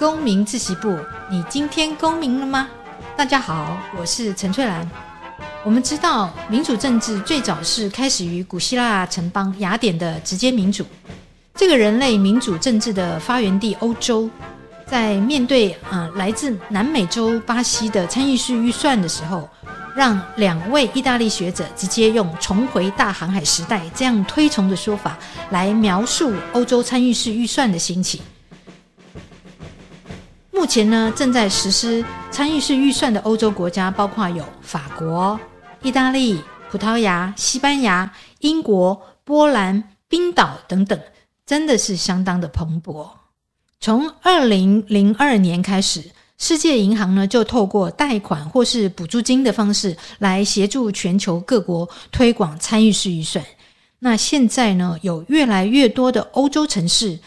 公民自習簿，你今天公民了嗎？大家好，我是陳翠蘭。我們知道，民主政治最早是開始於古希臘城邦雅典的直接民主。這個人類民主政治的發源地歐洲，在面對啊、呃、來自南美洲巴西的參與式預算的時候，讓兩位意大利學者直接用“重回大航海時代”這樣推崇的說法來描述歐洲參與式預算的興起。目前呢，正在實施參與式預算的歐洲國家，包括有法國、意大利、葡萄牙、西班牙、英國、波蘭、冰島等等，真的是相當的蓬勃。從二零零二年開始，世界銀行呢就透過貸款或是補助金的方式來協助全球各國推廣參與式預算。那現在呢，有越來越多的歐洲城市，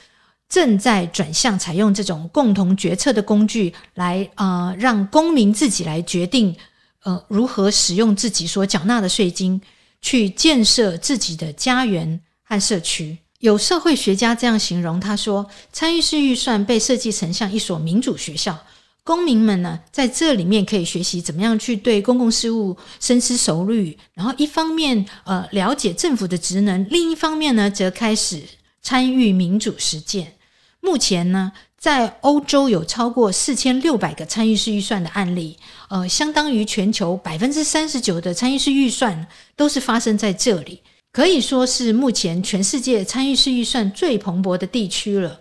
正在轉向採用這種共同決策的工具來啊，呃，讓公民自己來決定，呃，如何使用自己所繳納的稅金去建設自己的家園和社區。有社會學家這樣形容，他說，參與式預算被設計成像一所民主學校，公民們呢，在這裡面可以學習怎麼樣去對公共事務深思熟慮，然後一方面呃了解政府的職能，另一方面呢，則開始參與民主實踐。目前呢，在歐洲有超過四千六百個參與式預算的案例，呃，相當於全球百分之三十九的參與式預算都是發生在這裡，可以說是目前全世界參與式預算最蓬勃的地區了。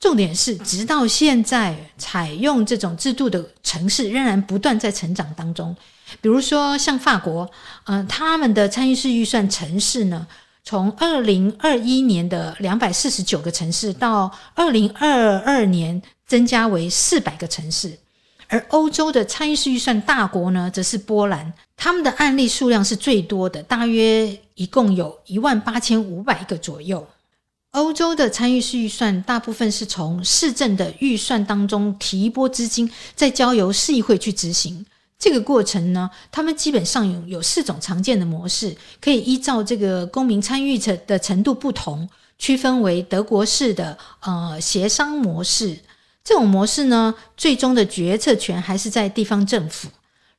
重點是，直到現在，採用這種制度的城市仍然不斷在成長當中。比如說，像法國，嗯、呃，他們的參與式預算城市呢，從二零二一年的兩百四十九個城市到二零二二年增加為四百個城市，而歐洲的參與式預算大國呢，則是波蘭，他們的案例數量是最多的，大約一共有一萬八千五百個左右。歐洲的參與式預算大部分是從市政的預算當中提撥資金，再交由市議會去執行。這個過程呢，他們基本上有有四種常見的模式，可以依照這個公民參與的程度不同，區分為德國式的呃協商模式。這種模式呢，最終的決策權還是在地方政府。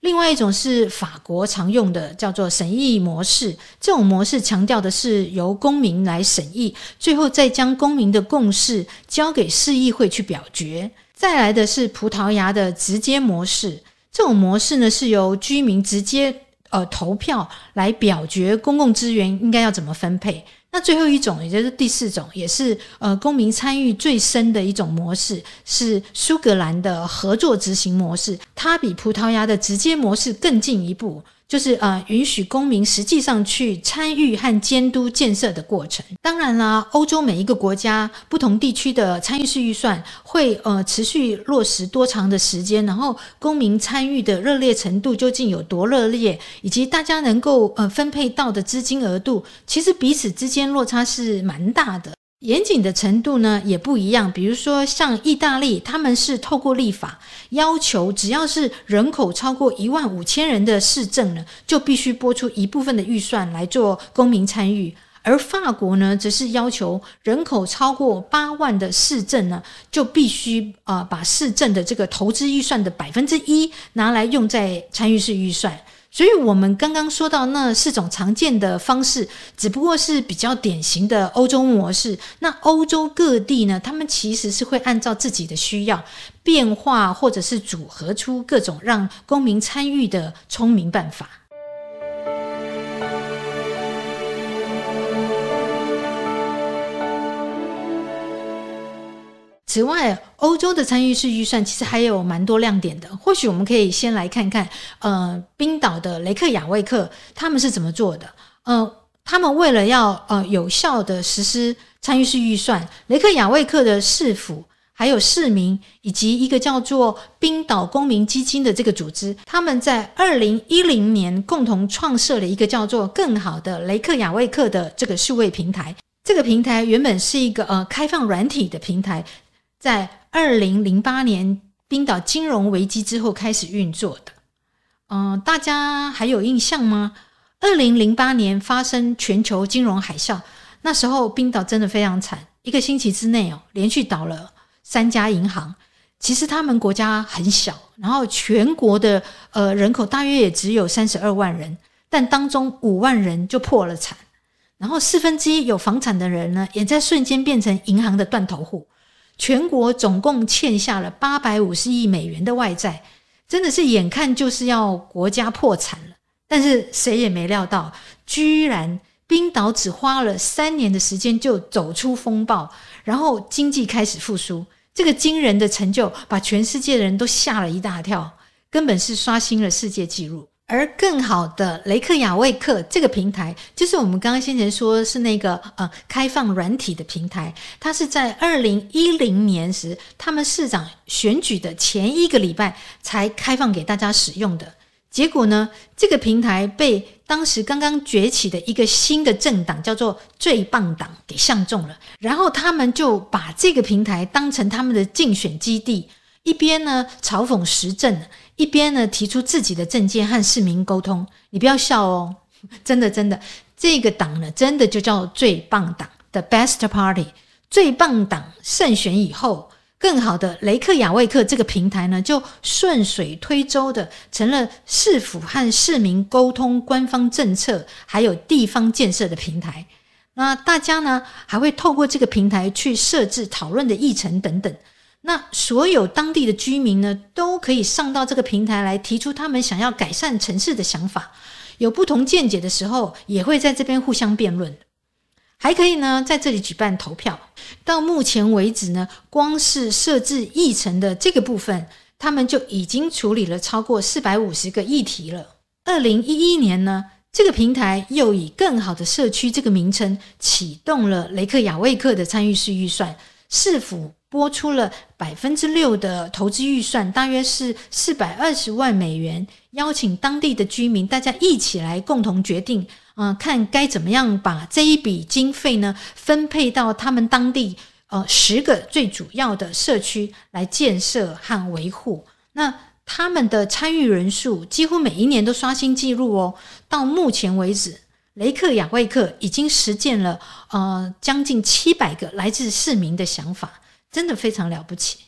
另外一種是法國常用的叫做審議模式。這種模式強調的是由公民來審議，最後再將公民的共識交給市議會去表決。再來的是葡萄牙的直接模式。這種模式呢，是由居民直接呃投票，來表決公共資源應該要怎麼分配。那最後一種，也就是第四種，也是呃公民參與最深的一種模式，是蘇格蘭的合作執行模式。它比葡萄牙的直接模式更進一步。就是呃，允許公民實際上去參與和監督建設的過程。當然啦，歐洲每一個國家、不同地區的參與式預算會呃持續落實多長的時間，然後公民參與的熱烈程度究竟有多熱烈，以及大家能夠呃分配到的資金額度，其實彼此之間落差是蠻大的。嚴謹的程度呢也不一樣，比如說像意大利，他們是透過立法要求，只要是人口超過一萬五千人的市政呢，就必須撥出一部分的預算來做公民參與；而法國呢，則是要求人口超過八萬的市政呢，就必須啊、呃、把市政的這個投資預算的百分之一拿來用在參與式預算。所以，我們剛剛說到那四種常見的方式，只不過是比較典型的歐洲模式。那歐洲各地呢，他們其實是會按照自己的需要變化，或者是組合出各種讓公民參與的聰明辦法。此外，歐洲的參與式預算其實還有蠻多亮點的。或許我們可以先來看看，呃，冰島的雷克雅未克他們是怎麼做的？呃，他們為了要呃有效地實施參與式預算，雷克雅未克的市府、還有市民以及一個叫做冰島公民基金的這個組織，他們在二零一零年共同創設了一個叫做“更好的雷克雅未克”的這個數位平台。這個平台原本是一個呃開放軟體的平台。在二零零八年冰島金融危機之後開始運作的。呃，嗯，大家還有印象嗎？二零零八年發生全球金融海嘯，那時候冰島真的非常慘，一個星期之內哦，連續倒了三家銀行。其實他們國家很小，然後全國的呃人口大約也只有三十二萬人，但當中五萬人就破了產，然後四分之一有房產的人呢，也在瞬間變成銀行的斷頭戶。全國總共欠下了八百五十億美元的外債，真的是眼看就是要國家破產了。但是誰也沒料到，居然冰島只花了三年的時間就走出風暴，然後經濟開始復甦。這個驚人的成就把全世界的人都嚇了一大跳，根本是刷新了世界紀錄。而更好的雷克雅未克這個平台，就是我們剛剛先前說是那個呃開放軟體的平台，它是在二零一零年時，他們市長選舉的前一個禮拜才開放給大家使用的。結果呢，這個平台被當時剛剛崛起的一個新的政黨叫做最棒黨給相中了，然後他們就把這個平台當成他們的競選基地。一邊呢嘲諷時政，一邊呢提出自己的政見和市民溝通。你不要笑哦，真的真的，這個黨呢真的就叫最棒黨 The Best Party，最棒黨勝選以後，更好的雷克雅未克這個平台呢就順水推舟的成了市府和市民溝通、官方政策還有地方建設的平台。那大家呢還會透過這個平台去設置討論的議程等等。那所有當地的居民呢，都可以上到這個平台來提出他們想要改善城市的想法。有不同見解的時候，也會在這邊互相辯論。還可以呢，在這裡舉辦投票。到目前為止呢，光是設置議程的這個部分，他們就已經處理了超過四百五十個議題了。二零一一年呢，這個平台又以更好的社區這個名稱啟動了雷克雅未克的參與式預算，市府撥出了百分之六的投資預算，大約是四百二十萬美元，邀請當地的居民大家一起來共同決定，嗯、呃，看該怎麼樣把這一筆經費呢，分配到他們當地呃十個最主要的社區來建設和維護。那他們的參與人數幾乎每一年都刷新紀錄哦。到目前為止，雷克雅未克已經實踐了呃將近七百個來自市民的想法。真的非常了不起。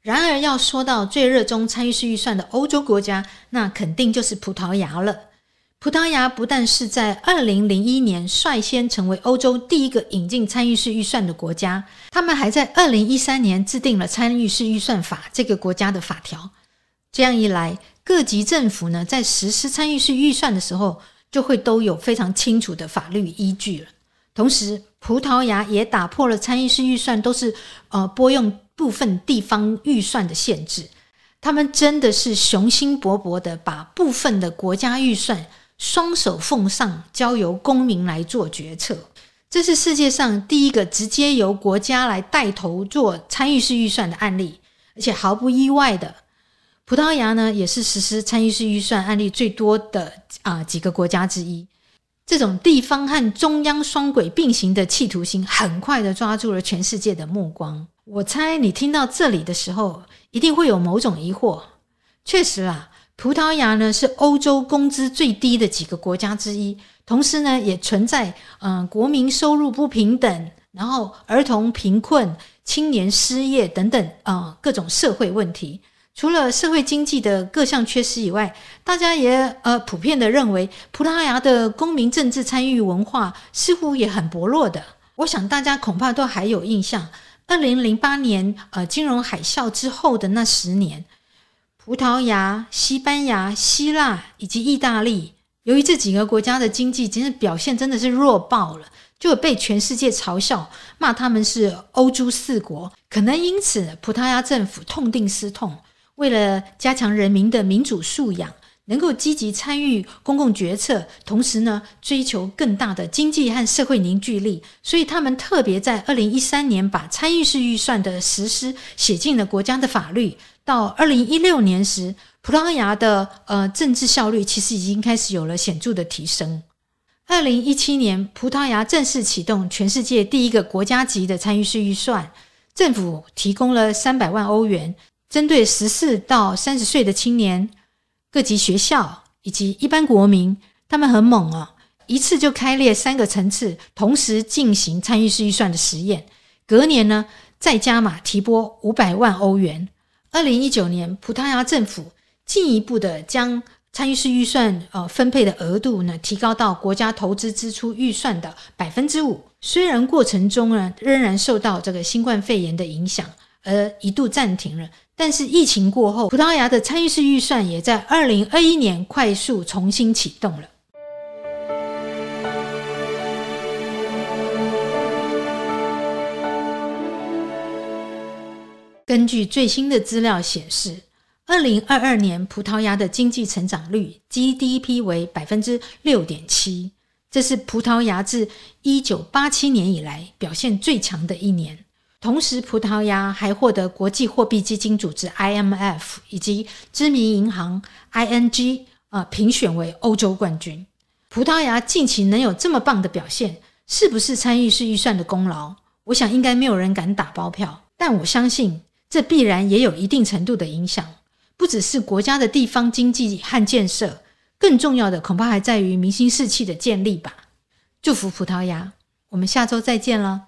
然而，要說到最熱衷參與式預算的歐洲國家，那肯定就是葡萄牙了。葡萄牙不但是在二零零一年率先成為歐洲第一個引進參與式預算的國家，他們還在二零一三年制定了參與式預算法，這個國家的法條。這樣一來，各級政府呢，在實施參與式預算的時候，就會都有非常清楚的法律依據了。同時，葡萄牙也打破了參與式預算都是呃撥用部分地方預算的限制，他們真的是雄心勃勃地把部分的國家預算雙手奉上，交由公民來做決策。這是世界上第一個直接由國家來帶頭做參與式預算的案例，而且毫不意外的。葡萄牙呢，也是實施參與式預算案例最多的啊、呃、幾個國家之一。這種地方和中央雙軌並行的企圖心，很快地抓住了全世界的目光。我猜你聽到這裡的時候，一定會有某種疑惑。確實啦、啊，葡萄牙呢是歐洲工資最低的幾個國家之一，同時呢也存在嗯、呃、國民收入不平等，然後兒童貧困、青年失業等等啊、呃、各種社會問題。除了社會經濟的各項缺失以外，大家也呃普遍地認為，葡萄牙的公民政治參與文化似乎也很薄弱的。我想大家恐怕都還有印象，二零零八年呃金融海嘯之後的那十年，葡萄牙、西班牙、希臘以及意大利，由於這幾個國家的經濟其實表現真的是弱爆了，就被全世界嘲笑罵他們是歐洲四國。可能因此，葡萄牙政府痛定思痛。為了加強人民的民主素養，能夠積極參與公共決策，同時呢追求更大的經濟和社會凝聚力，所以他們特別在二零一三年把參與式預算的實施寫進了國家的法律。到二零一六年時，葡萄牙的呃政治效率其實已經開始有了顯著的提升。二零一七年，葡萄牙正式啟動全世界第一個國家級的參與式預算，政府提供了三百萬歐元。針對十四到三十歲的青年、各級學校以及一般國民，他們很猛啊、哦！一次就開列三個層次，同時進行參與式預算的實驗。隔年呢，再加碼提撥五百萬歐元。二零一九年，葡萄牙政府進一步的將參與式預算呃分配的額度呢，提高到國家投資支出預算的百分之五。雖然過程中呢，仍然受到這個新冠肺炎的影響，而一度暫停了。但是疫情過後，葡萄牙的參與式預算也在二零二一年快速重新啟動了。根據最新的資料顯示，二零二二年葡萄牙的經濟成長率 GDP 為百分之六點七，這是葡萄牙自一九八七年以來表現最強的一年。同時，葡萄牙還獲得國際貨幣基金組織 （IMF） 以及知名銀行 ING 啊評選為歐洲冠軍。葡萄牙近期能有這麼棒的表現，是不是參與式預算的功勞？我想應該沒有人敢打包票，但我相信這必然也有一定程度的影響。不只是國家的地方經濟和建設，更重要的恐怕還在於民心士氣的建立吧。祝福葡萄牙，我們下週再見了。